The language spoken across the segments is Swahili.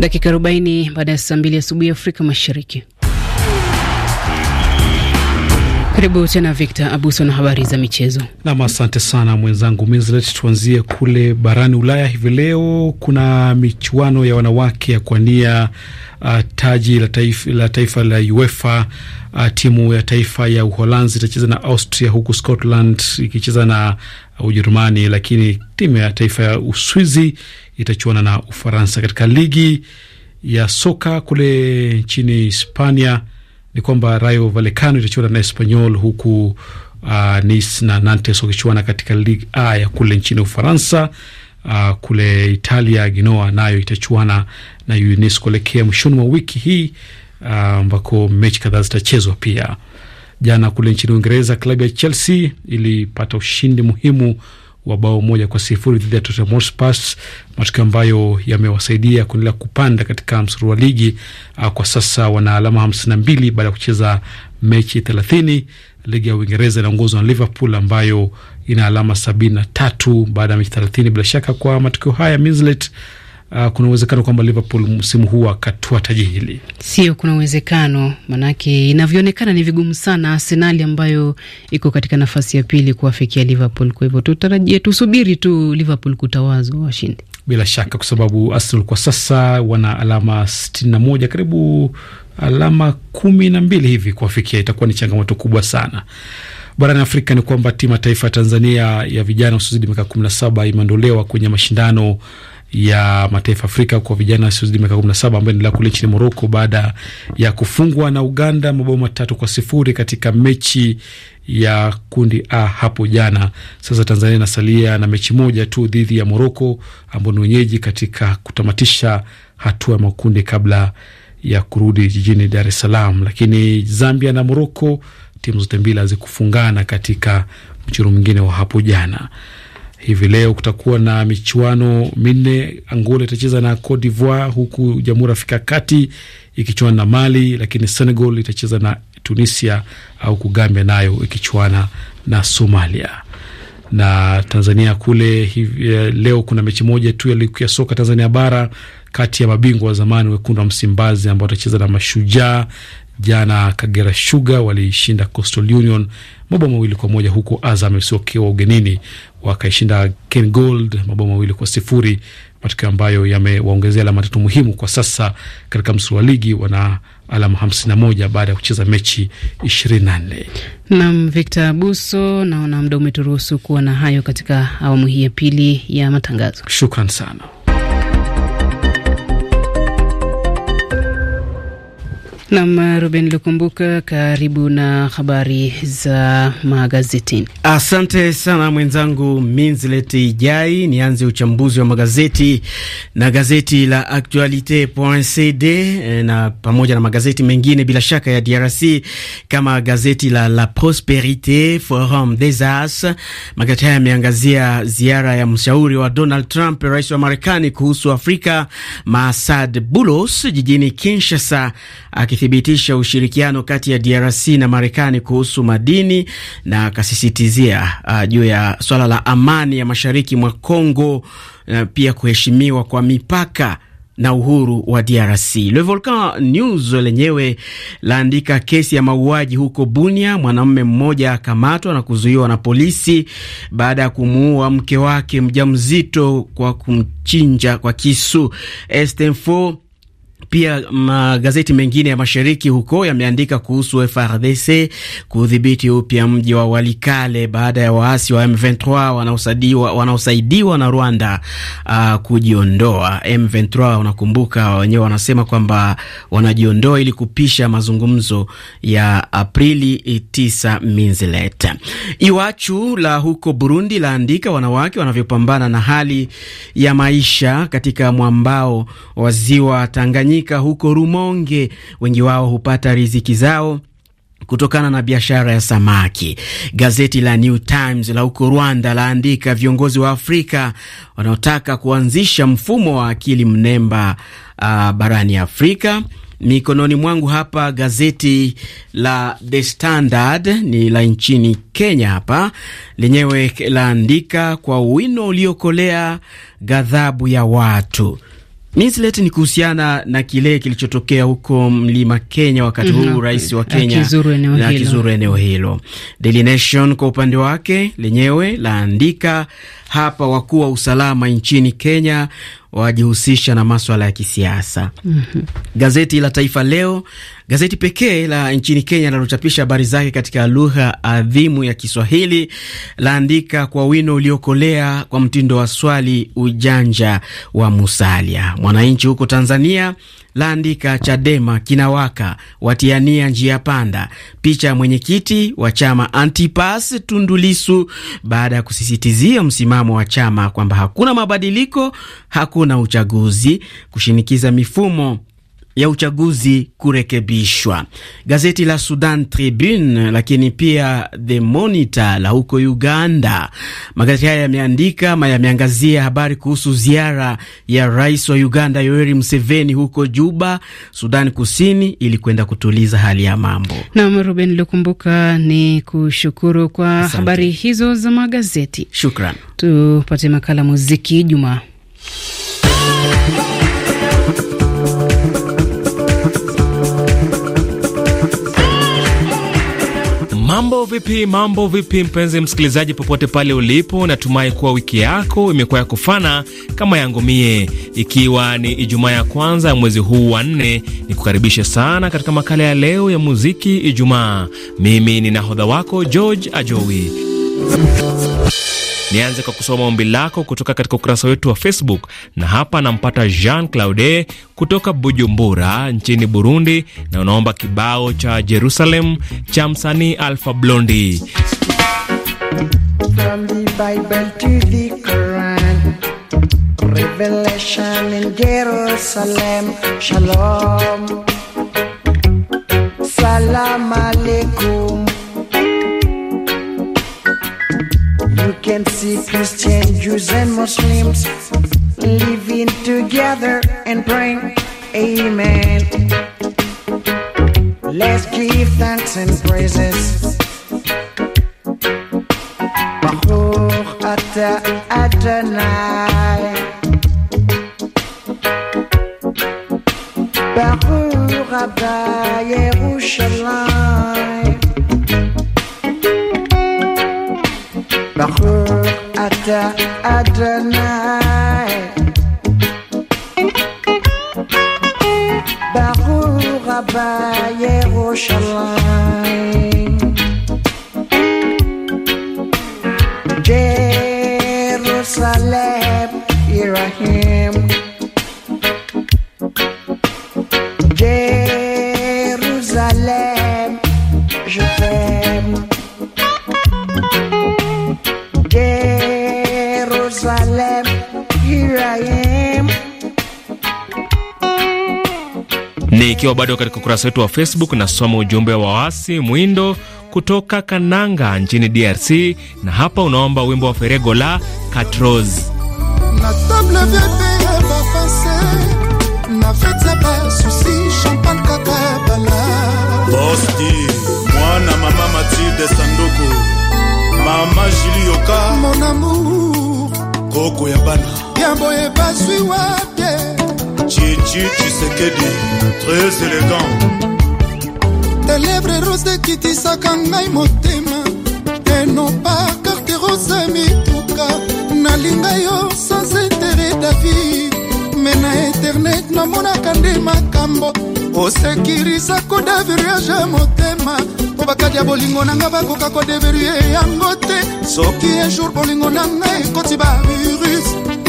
Dakika 40 baada ya saa mbili asubuhi Afrika Mashariki. Karibu tena Victor Abuso na habari za michezo. Nam, asante sana mwenzangu Mizlet. Tuanzie kule barani Ulaya hivi leo, kuna michuano ya wanawake ya kuania uh, taji la taifa, la taifa la UEFA. Uh, timu ya taifa ya Uholanzi itacheza na Austria, huku Scotland ikicheza na Ujerumani, lakini timu ya taifa ya Uswizi itachuana na Ufaransa. Katika ligi ya soka kule nchini Hispania ni kwamba Rayo Vallecano itachuana na Espanyol, huku uh, Nice na Nantes wakichuana katika ligi A ya kule nchini Ufaransa. Uh, kule Italia Genoa nayo itachuana na Udinese kuelekea mwishoni mwa wiki hii uh, ambako uh, mechi kadhaa zitachezwa pia. Jana kule nchini Uingereza, klabu ya Chelsea ilipata ushindi muhimu wa bao moja kwa sifuri dhidi ya Tottenham Hotspur, matokeo ambayo yamewasaidia kuendelea kupanda katika msururu wa ligi. Ah, kwa sasa wana alama hamsini na mbili baada ya kucheza mechi thelathini. Ligi ya Uingereza inaongozwa na Liverpool ambayo ina alama sabini na tatu baada ya mechi thelathini. Bila shaka kwa matokeo haya uh, kuna uwezekano kwamba Liverpool msimu huu akatua taji hili? Sio, kuna uwezekano manake, inavyoonekana ni vigumu sana Arsenali ambayo iko katika nafasi ya pili kuwafikia Liverpool. Kwa hivyo tutarajie, tusubiri tu Liverpool kutawazwa washindi bila shaka, kwa sababu Arsenal kwa sasa wana alama 61 karibu alama kumi na mbili hivi kuwafikia, itakuwa ni changamoto kubwa sana. Barani Afrika ni kwamba timu ya taifa ya Tanzania ya vijana hususidi miaka saba imeondolewa kwenye mashindano ya mataifa Afrika kwa vijana wasiozidi miaka kumi na saba ambayo inaendelea kule nchini Moroko baada ya kufungwa na Uganda mabao matatu kwa sifuri katika mechi ya kundi A hapo jana. Sasa Tanzania inasalia na mechi moja tu dhidi ya Moroko ambao ni wenyeji katika kutamatisha hatua ya makundi kabla ya kurudi jijini Dar es Salaam. Lakini Zambia na Moroko, timu zote mbili hazikufungana katika mchezo mwingine wa hapo jana. Hivi leo kutakuwa na michuano minne. Angola itacheza na Cote d'Ivoire, huku Jamhuri ya Afrika Kati ikichuana na Mali, lakini Senegal itacheza na Tunisia, au kugambia nayo ikichuana na Somalia na Tanzania kule hivi, eh, leo kuna mechi moja tu ya ligi ya soka Tanzania bara kati ya mabingwa wa zamani wekundu wa Msimbazi ambao watacheza na Mashujaa Jana Kagera Sugar walishinda Coastal Union mabao mawili kwa moja huku Azam FC wakiwa ugenini wakaishinda Ken Gold mabao mawili kwa sifuri matokeo ambayo yamewaongezea alama tatu muhimu kwa sasa katika msuru wa ligi. Wana alama moja baada ya kucheza mechi nne. Nam Victor Buso, naona muda umeturuhusu kuwa na hayo katika awamu hii ya pili ya matangazo. Shukran sana. Nam Ruben Lukumbuka, karibu na habari za magazetini. Asante sana mwenzangu Minzilet Ijai. Nianze uchambuzi wa magazeti na gazeti la Actualite.cd eh, na pamoja na magazeti mengine bila shaka ya DRC kama gazeti la La Prosperite, Forum des As. Magazeti haya yameangazia ziara ya mshauri wa Donald Trump, rais wa Marekani, kuhusu Afrika, Masad Bulos jijini Kinshasa aki akithibitisha ushirikiano kati ya DRC na Marekani kuhusu madini na akasisitizia uh, juu ya swala la amani ya mashariki mwa Kongo na uh, pia kuheshimiwa kwa mipaka na uhuru wa DRC. Le Volcan News lenyewe laandika kesi ya mauaji huko Bunia, mwanamume mmoja akamatwa na kuzuiwa na polisi baada ya kumuua mke wake mjamzito kwa kumchinja kwa kisu. Estenfo pia magazeti mengine ya mashariki huko yameandika kuhusu FRDC kudhibiti upya mji wa Walikale baada ya waasi wa M23 wanaosaidiwa, wanaosaidiwa na Rwanda uh, kujiondoa. M23 unakumbuka, wenyewe wanasema kwamba wanajiondoa ili kupisha mazungumzo ya Aprili 9 minzilet. Iwachu la huko Burundi laandika wanawake wanavyopambana na hali ya maisha katika mwambao wa ziwa Tanganyika Tanganyika huko Rumonge. Wengi wao hupata riziki zao kutokana na biashara ya samaki. Gazeti la New Times la huko Rwanda laandika viongozi wa Afrika wanaotaka kuanzisha mfumo wa akili mnemba uh, barani Afrika. Mikononi mwangu hapa gazeti la The Standard ni la nchini Kenya hapa, lenyewe laandika kwa wino uliokolea, ghadhabu ya watu Mislet, ni kuhusiana na kile kilichotokea huko mlima Kenya wakati mm -hmm. huu mhm. rais wa Kenya na akizuru eneo hilo. Daily Nation kwa upande wake lenyewe laandika hapa, wakuu wa usalama nchini Kenya wajihusisha na maswala ya kisiasa. mm -hmm. Gazeti la Taifa Leo, gazeti pekee la nchini Kenya linalochapisha habari zake katika lugha adhimu ya Kiswahili, laandika kwa wino uliokolea kwa mtindo wa swali ujanja wa Musalia. Mwananchi huko Tanzania laandika Chadema kinawaka, watiania njia panda. Picha ya mwenyekiti wa chama Antipas Tundulisu baada ya kusisitizia msimamo wa chama kwamba hakuna mabadiliko, hakuna uchaguzi, kushinikiza mifumo ya uchaguzi kurekebishwa. Gazeti la Sudan Tribune, lakini pia The Monitor la huko Uganda, magazeti haya yameandika ma yameangazia habari kuhusu ziara ya rais wa Uganda Yoweri Museveni huko Juba, Sudan Kusini, ili kwenda kutuliza hali ya mambo. Nam Ruben Lukumbuka, ni kushukuru kwa Asante. habari hizo za magazeti. Shukran, tupate makala muziki Juma Mambo vipi, mambo vipi, mpenzi msikilizaji, popote pale ulipo, natumai kuwa wiki yako imekuwa ya kufana kama yangu mie. Ikiwa ni Ijumaa ya kwanza ya mwezi huu wa nne, ni kukaribisha sana katika makala ya leo ya muziki Ijumaa. Mimi ni nahodha wako George Ajowi Nianze kwa kusoma ombi lako kutoka katika ukurasa wetu wa Facebook, na hapa nampata Jean Claude kutoka Bujumbura nchini Burundi, na unaomba kibao cha Jerusalem cha msanii Alpha Blondy. Salam alaikum can see Christians, Jews, and Muslims living together and praying. Amen. Let's give thanks and praises. Baruch Ata Adonai. Baruch Ata Yerushalayim. Ata Adonai Baruch Abba Yerushalayim Nikiwa bado katika ukurasa wetu wa Facebook, nasoma ujumbe wa waasi mwindo kutoka Kananga nchini DRC, na hapa unaomba wimbo wa Ferego la Katros. Bosti mwana mama Matilde Sanduku mama mon amour koko ya bana yambo wapi Chichi Tshisekedi, très élégant. Tes lèvres roses de kitisaka ngai motema enopa karte rose mituka nalinga yo sans intere david me na internet namonaka nde makambo osekirisako daviriage motema mpo bakadi ya bolingo na ngai bakoka kodeverie yango te soki ejour bolingo na ngai ekoti bavirus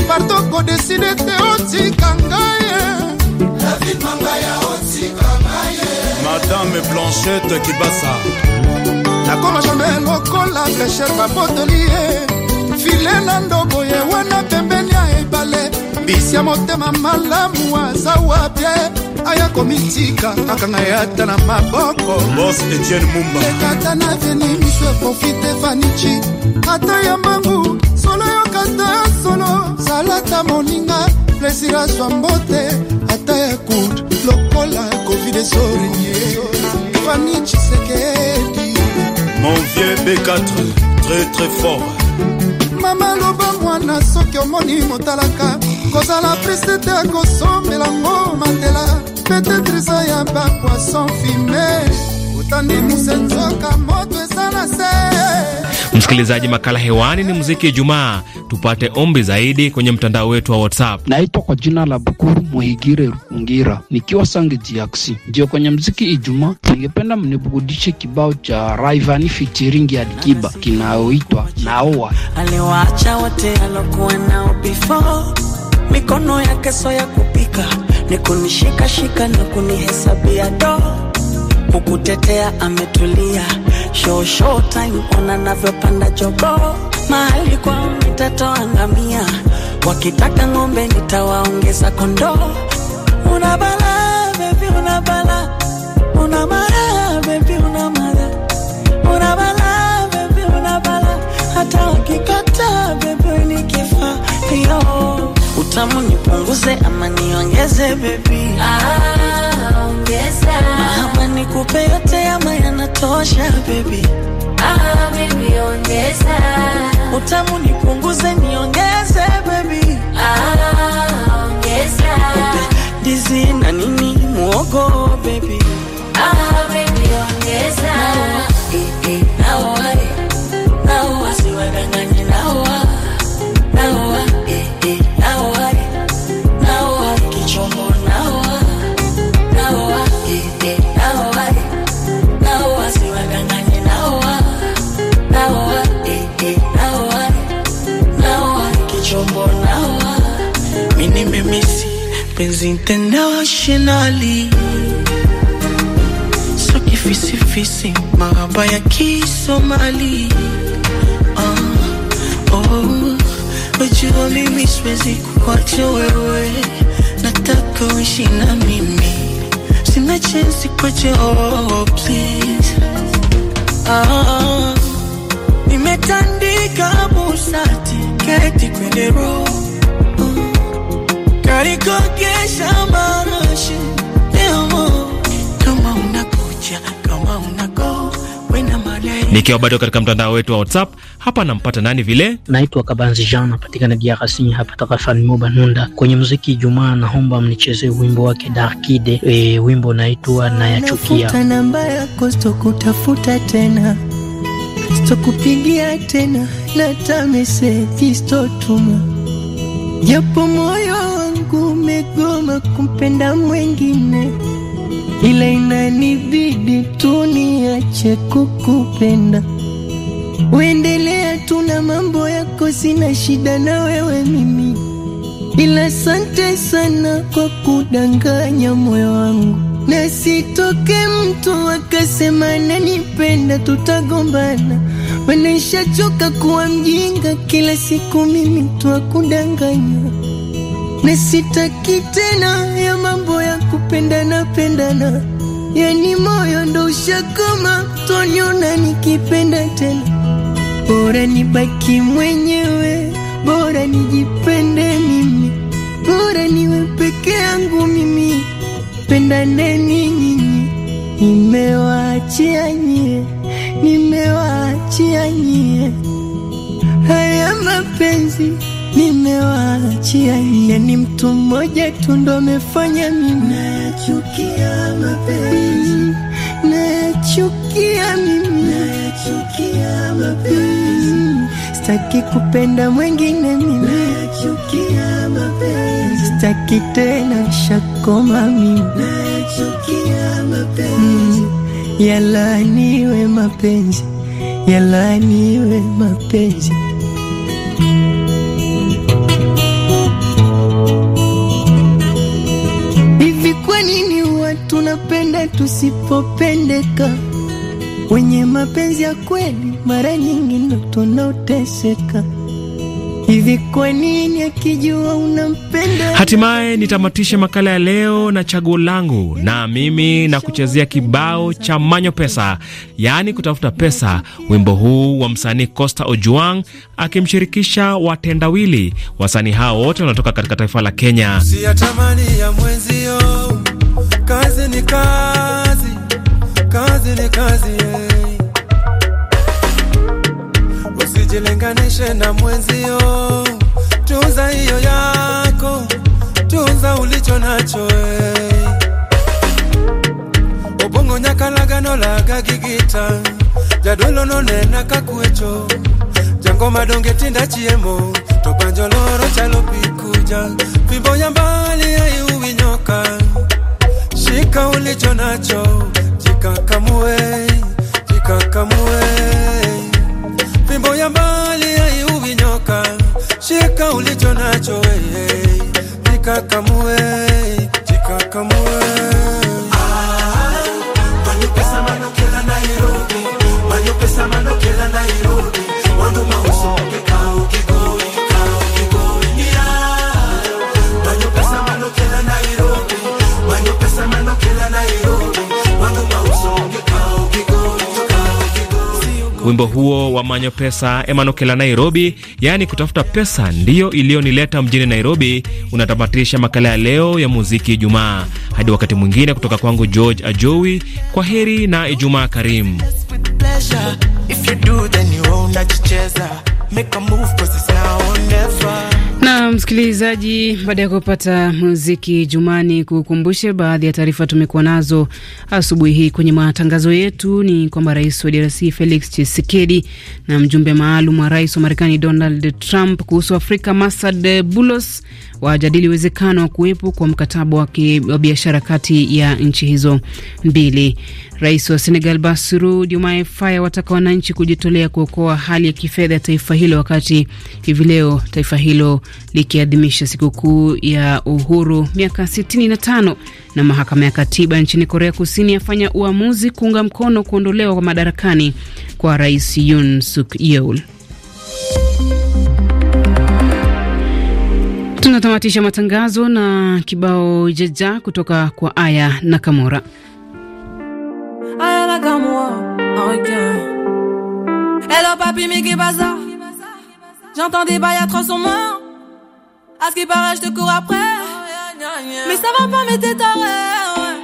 parto kodeside te otika ngai Madame mangaya otikanga ye madame blanchette kibasa nakoma jamai lokola flecher babotoli ye file na ndobo ye wana pembeni ya ebale mbisi ya motema malamu aza aya komitika akanga Tana ata na maboko bos etienne mumba ekata na veni miso eprofite vanichi ata ya mbangu solo yokata solo zalata moninga plesira à ata ya kut lokola covid ezorie fami chisekedi mon vieux b4 très très fort mama loba mwana soki omoni motalaka la prise Peut-être ça y a pas poisson fumé. Msikilizaji, makala hewani ni muziki Ijumaa. Tupate ombi zaidi kwenye mtandao wetu wa WhatsApp. Naitwa kwa jina la Bukuru Muhigire rukungira nikiwa Sange Jax. Ndio kwenye mziki Ijumaa, ningependa mnibugudishe kibao cha Raivani fitiringi ya Dikiba kinayoitwa Naoa. Aliwaacha wote alokuwa nao before, mikono yake so ya kupika, ni kunishikashika na kunihesabia doo kukutetea ametulia, show show time, ona navyopanda jogoo, mahali kwa nitatoa ngamia, wakitaka ng'ombe nitawaongeza kondo Una bala baby, una bala, una mara baby, una mara, una bala baby, una bala, hata wakikata baby nikifa yo tamu nipunguze ama niongeze baby ah, ongeza mahaba nikupe yote ama yanatosha baby ah, baby ongeza utamu nipunguze niongeze baby ah, ongeza ndizi na nini muogo baby originally So kifisi fisi maraba ya Kisomali. Uh, ah, oh, oh. ujua mimi siwezi kuacha wewe, nataka uishi na mimi, sina chensi kwache, oh, please. Ah, nimetandika busati keti kwenye roho karikogesha mara Nikiwa bado katika mtandao wetu wa WhatsApp hapa nampata nani vile, naitwa Kabanzi Jean, napatikana Diarasi hapa tarafani Nunda. Kwenye muziki Jumaa, naomba mnichezee wimbo wake Darkide. E, wimbo naitwa Nayachukia. Namba yako sitokutafuta tena, sitokupigia tena, meseji sitotuma japo moyo wangu umegoma kumpenda mwengine, ila inanibidi tu niache kukupenda. Uendelea tu na mambo yako, sina shida na wewe mimi, ila sante sana kwa kudanganya moyo wangu. Nasitoke mtu akasema nanipenda, tutagombana. Manishachoka kuwa mjinga, kila siku mimi tu akudanganya, na tena ya mambo ya kupendana pendana, yani moyo ndo ushakoma, tonyona nikipenda tena, bora nibaki mwenyewe, bora nijipende mimi, bora niwe peke yangu mimi pendaneni nyinyi, nimewaachia nyie, nimewaachia nyie haya mapenzi nimewaachia nyie, ni mtu mmoja tu ndo amefanya mimi nayachukia mapenzi, nayachukia mimi, nayachukia mapenzi, mm, sitaki kupenda mwingine mimi, nachukia mapenzi, sitaki tena shaka kukoma mimba. Nachukia mapenzi mm, yalaaniwe mapenzi, yalaaniwe mapenzi. Hivi kwa nini watu napenda tusipopendeka? Wenye mapenzi ya kweli mara nyingi ndo tunaoteseka. Hivi kwa nini akijua unampenda? Hatimaye nitamatishe makala ya leo na chaguo langu, na mimi na kuchezea kibao cha manyo pesa, yaani kutafuta pesa, wimbo huu wa msanii Costa Ojuang akimshirikisha Watendawili. Wasanii hao wote wanatoka katika taifa la Kenya. Siyatamani ya mwenzio, kazi ni kazi, kazi ni kazi, yeah. usijilinganishe na mwenzio, tunza hiyo yako, tunza ulicho nacho eh. obong'o Ubongo nyakalagano laga gigita jadolo nonena kakuecho jango madonge tinda chiemo to loro chalo pikuja fimbo ya mbali aiuwinyoka shika ulicho nacho jikakamue jikakamue Fimbo ya mbali haiui nyoka, shika ulicho nacho wewe, jikakamue, jikakamue. Ah, ah, ah, Wimbo huo wa Manyo Pesa emanokela Nairobi, yaani kutafuta pesa ndiyo iliyonileta mjini Nairobi, unatamatisha makala ya leo ya muziki Ijumaa. Hadi wakati mwingine, kutoka kwangu George Ajowi, kwa heri na Ijumaa karimu msikilizaji, baada ya kupata muziki jumani, kukumbushe baadhi ya taarifa tumekuwa nazo asubuhi hii kwenye matangazo yetu ni kwamba rais wa DRC Felix Tshisekedi na mjumbe maalum wa rais wa Marekani Donald Trump kuhusu Afrika Masad Bulos wajadili uwezekano wa kuwepo kwa mkataba wa biashara kati ya nchi hizo mbili. Rais wa Senegal Bassirou Diomaye Faye wataka wananchi kujitolea kuokoa hali ya kifedha ya taifa hilo, wakati hivi leo taifa hilo likiadhimisha sikukuu ya uhuru miaka 65. Na mahakama ya katiba nchini Korea Kusini yafanya uamuzi kuunga mkono kuondolewa kwa madarakani kwa Rais Yoon Suk Yeol. Tunatamatisha matangazo na kibao jaja kutoka kwa Aya Nakamura. Aya Nakamura, okay. Hello papy, mais qui bazar J'entends des bails à trois sur moi. À ce qu'il paraît, je te cours après. Mais ça va pas, mais t'es taré. Ouais.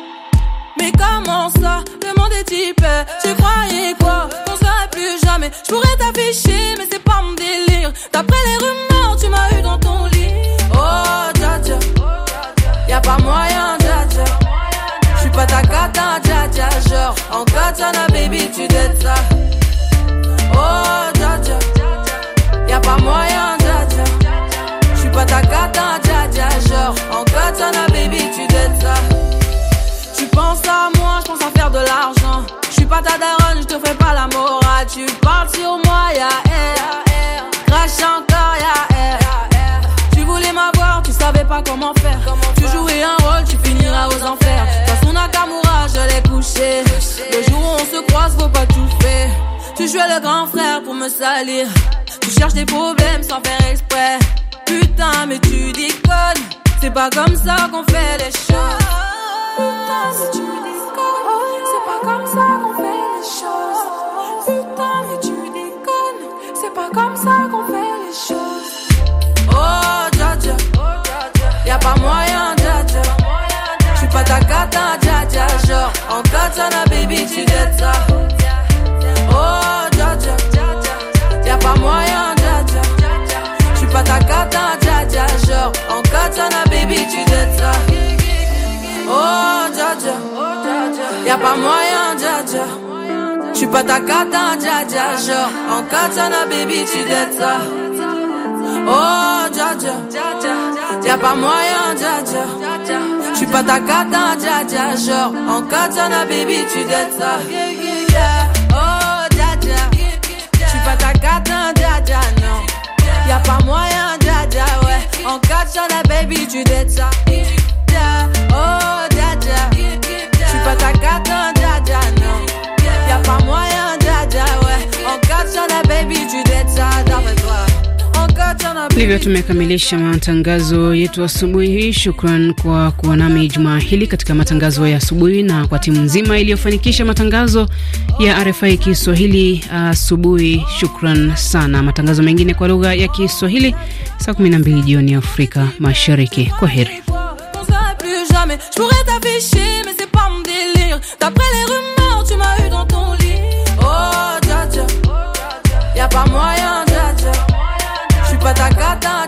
Mais comment ça Le monde est type. Tu croyais quoi Qu'on serait plus jamais. Je pourrais t'afficher, mais c'est pas mon délire. D'après les rumeurs, tu m'as eu dans ton lit. Oh, dja dja. Y'a pas moyen, dja dja. J'suis pas ta cata, dja dja. Genre, en katana, baby, tu dettes ça. Oh, dja dja. Y'a pas moyen, dja dja. J'suis pas ta cata, dja dja. Genre, en katana, baby, tu dettes ça. Tu penses à moi, j'pense à faire de l'argent. J'suis pas ta daronne, j'te fais pas la morale. Tu parles sur moi, ya yeah, yeah. comment faire. tu jouais un rôle, tu finiras aux enfers. qu'on son Nakamura, je l'ai couché. Le jour où on se croise, faut pas tout faire. Tu jouais le grand frère pour me salir. Tu cherches des problèmes sans faire exprès. Putain, mais tu déconnes. C'est pas comme ça qu'on fait les choses. Putain, mais tu déconnes. C'est pas comme ça qu'on fait les choses. Putain, mais tu déconnes. C'est pas comme ça qu'on pas moyen dja Je suis pas ta cata dja dja Genre en katana baby tu dettes ça Oh dja dja Y'a pas moyen dja dja Je suis pas ta cata dja dja Genre en katana baby tu dettes ça Oh dja dja Y'a pas moyen dja dja je suis pas ta cata, dja dja, genre En katana, baby, tu dettes ça Oh, dja dja Y'a pas moyen, dja dja. pas ta cata, dja dja. Genre, en la baby, tu dettes ça. Oh, dja dja. suis pas ta cata, dja dja, non. Y'a pas moyen, dja dja, ouais. En katana, baby, tu dettes ça. Oh, dja dja. suis pas ta cata, dja dja, non. Y'a pas moyen, dja ouais. ndivyo tumekamilisha matangazo yetu asubuhi hii. Shukran kwa kuwa nami jumaa hili katika matangazo ya asubuhi, na kwa timu nzima iliyofanikisha matangazo ya RFI Kiswahili asubuhi. Shukran sana. Matangazo mengine kwa lugha ya Kiswahili saa 12 jioni Afrika Mashariki. Kwa heri. patacata